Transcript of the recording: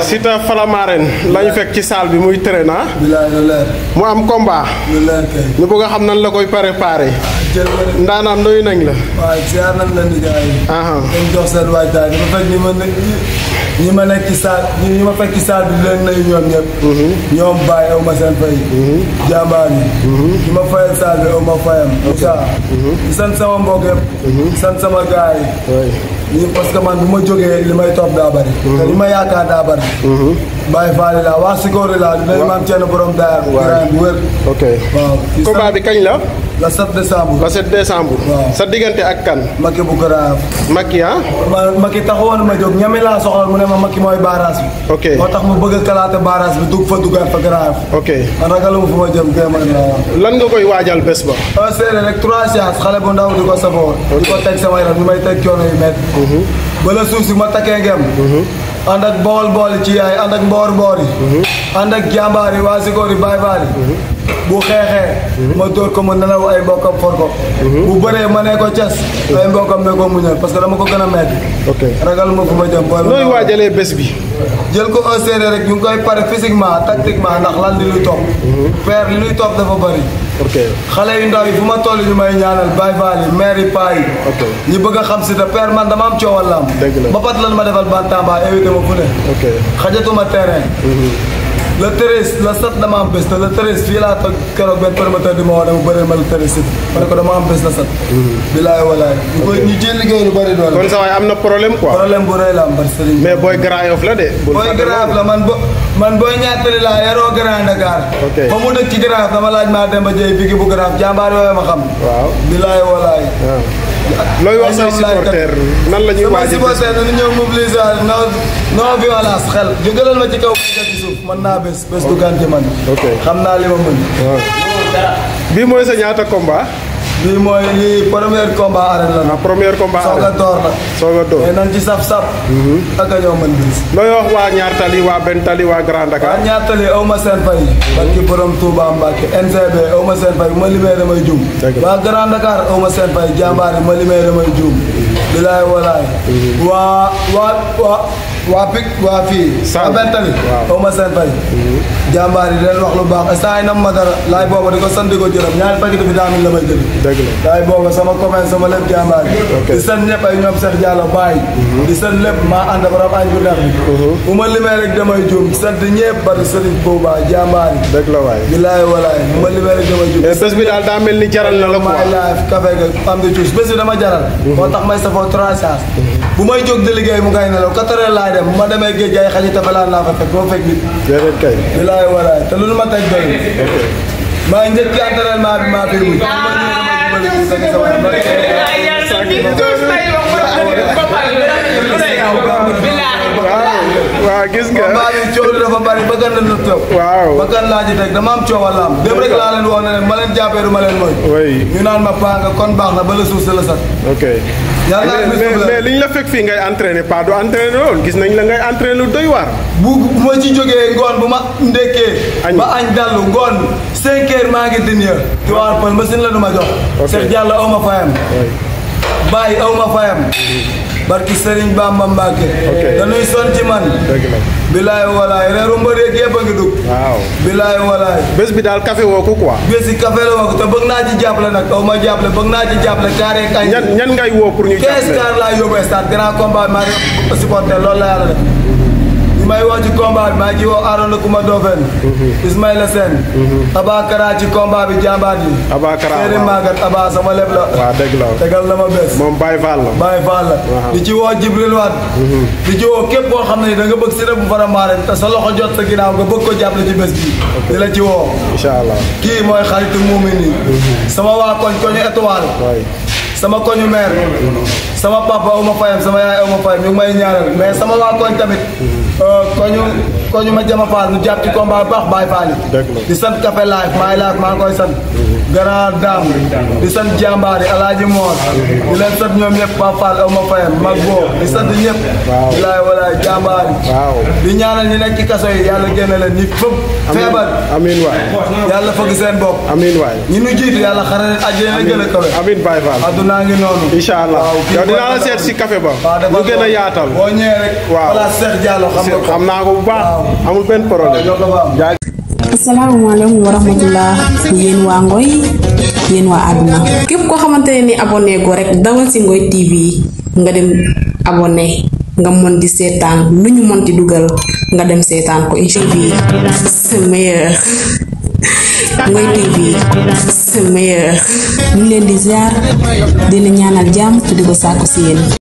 Siteu Siteu Falamaren lañu fekk ci saal bi muy traîner. Ah. mu am combat. ñu bëgg a xam nan la koy préparé. Ah, ndaanaam nuyu nañ la. waaw ziar nañ la nijaay yi. Ah, dañ jox seen waajtaay ñi ma fekk ma nekk ñi ma nekk ci saal ma fekk ci saal bi di leen nuyu ñoom ñëpp. Mhm. ñoom bàyyi aw ma seen fay. Mhm. jàmbaar yi. ñi mhm. ma fayal saal bi aw ma fayam. ok Moussa. di sama mbokk yëpp. sant sama gaa yi. parce que man bu ma jógee li may topp daa bari. te li ma yaakaar daa bari. Baye Fall waa Sikori la. waaw dinañ maam borom Daara. waaw bu wér. ok waaw. combat bi kañ la. la 7 décembre. la 7 décembre. waaw sa diggante ak kan. Macky bu Garaaf. Macky ah. ma Macky taxawoon ma jóg ñame laa soxla mu ne ma Macky mooy barrage bi. ok tax mu bëgg a kalaate bi dugg fa duggaat fa Garaaf. ok ma jëm kéema la. lan nga koy waajal bés ba. un séeréer rek trois séances xale bu ndaw di ko safoor. di ko teg sama yaram ñu may teg coono yu métti. Mhm. ba la ma takkee ngem. Mhm. ànd ak bool bool ci yaay ànd ak bool mboor yi mhm. ànd ak jàmbaar yi waa Sikori Baye Baye bu xeexee ma dóor ko mu nelaw ay mbokkam for ko mhm. bu bëree ma ne ko cas mhm. ay mbokkam ne ko muñal parce que dama ko gën a metti ragal ma fu ma jëm booy ko au sérieux rek ñu ngi koy pare physiquement tactiquement ndax lan li luy topp mhm. père li luy dafa bëri xale yu ndaw yi fu ma toll ñu may ñaanal Baye Fall yi maire paa yi ñi bëgg xam si te père man dama am coowal lam ba pat lan ma defal Bantamba évité ma fu ne xajatuma terrain la treize le sept dama am bés te le treize fii laa toog keroog benn promoteur di ma woo ne ma bëri ma le treize si ma ne ko dama am bés le sept mm-hmm. bilaay walaay ñu ci liggéey lu bëri doole kon sa waay am na problème quoi problème bu rëy la am bari sëriñ mais booy Grand la de booy Grand la man bo man booy laa yaroo Grand Dakar ba mu dëkk ci Grand dama laaj maa dem a jëy bigi bu Grand Yoff yooyu ma xam bilaay walaay ah. looy wax say supporter nan la ñuy waaj supporter nañu ñëw mobiliser non non violence xel jógalal ma ci kaw ma ci suuf mën naa bés bés du gànte man xam naa li ma mën bii mooy sa ñaata combat lii mooy lii premier combat arène la. ah premier combat arène soog a door la. soog a ci saf saf. Mhm. ak a ñoo mën bis. waa Ñaar waa benn waa Grand Dakar. waa Ñaar Tali ma seen fay. barki borom Touba Mbacke NCB aw seen fay bu damay juum. waa Grand Dakar aw seen fay jàmbaar yi damay juum. bilaay walai, wa wa wa wa pik wa fi abel tamit aw ma seen fay Jambari yi leen wax lu baax saay nam ma dara laay booba di ko sant di ko jërëm vitamine la may jënd la laay booba sama commun sama lépp jambari. yi di san ñëpp ay ñoom Cheikh Diallo Baye di san lépp maa ànd ak rab añ bu neex bi bu ma limee rek damay juum sant ñëpp bari sëriñ Bouba jàmbaar yi dëgg la waay bilaay walaay bu ma limee rek damay juum bés bi daal daa mel jaral na la quoi my life café ga am di cuus bés dama jaral moo tax may safo nelaw trois saas bu may jóg di liggéey mu ngay nelaw quatre heures laay dem bu ma demee géej gaay xaj tafalaan naa fa fekk boo fekk nit déedéet kay bilaay walaay te loolu ma taj doy maa njëkk entraînement bi maa fi ah, mu waaw gis nga waaw maa ngi coow dafa bari ba gën a nu toog. waaw ba gën laa ji rek dama am coowal laam. dëgg rek laa leen wax ne leen ma leen jàppee du ma leen mooy. ñu naan ma paa nga kon baax na ba la suuf si la sax. ok. mais li ñu la fekk fii ngay entraîné pas du entraîné gis nañ la ngay entraîné lu doy waar. bu bu ma ci jógee ngoon bu ma ndekkee. ma añ dallu ngoon cinq heures maa ngi dinañ. diwaan pël machine la nu ma jox. ok Cheikh Diallo aw ma fayam. bàyyi aw ma barki Serigne Bamba Mbacke. ok dañuy son ci man. dëgg la bilaay walaay reeru mbëri ak a ngi dugg. waaw bilaay walaay. bés bi daal café woo ko quoi. bés yi café la woo ko te bëgg naa ci jàppale nag aw ma jàppale bëgg naa ci jàppale carré kañ. ñan ñan ngay woo pour ñu jàppale 15 car laa la yàlla def. maa ngi woo Arona Kouma Dofène mhm. Ismaïla Sène mhm. Abakara ci combat bi jàmbaat yi Abakara Seydou Magat Aba la ma bés moom Baye Fall la Baye Fall la di ci woo Jibril Wade mhm. di ci woo képp koo xam ne da nga bëgg si bu faramaare te sa loxo jot sa ginnaaw nga bëgg ko jàppale ci bés bi di la ci woo incha allah kii mooy xaritu muumin yi sama waa koñ koñu étoile sama koñu maire sama papa aw ma fayam sama yaay aw fayam ñu may ñaanal mais sama waa koñ tamit 呃，观众 ko ñu ma jama faal ñu jàpp ci combat baax Baye Fall di sant Café Life Baye Life maa koy sant grand dame di sant jàmbaar yi alaaji moor di leen sant ñoom ñëpp Pape Fall aw ma fayam mag boo di sant ñëpp bilaay walaay jàmbaar yi di ñaanal ñi nekk ci kaso yi yàlla génne leen ñi fëpp feebar amiin waay yàlla fëgg seen bopp amiin waay ñi ñu jiitu yàlla xare leen àjjana gën a kawe amiin Baye Fall addunaa ngi noonu incha allah yow dinaa la seet si café ba lu gën a yaatal boo ñëwee rek waaw place Cheikh Diallo xam nga amul benn problème. asalaamaaleykum wa rahmatullah yéen waa Ngoy yéen waa àdduna képp koo xamante ni abonné go rek dawal si Ngoy TV nga dem abonné nga mën di seetaan lu ñu mën di dugal nga dem seetaan ko incha allah c'est Ngoy TV c'est leen di ziar di la ñaanal jàmm te di ko sàkku si yéen.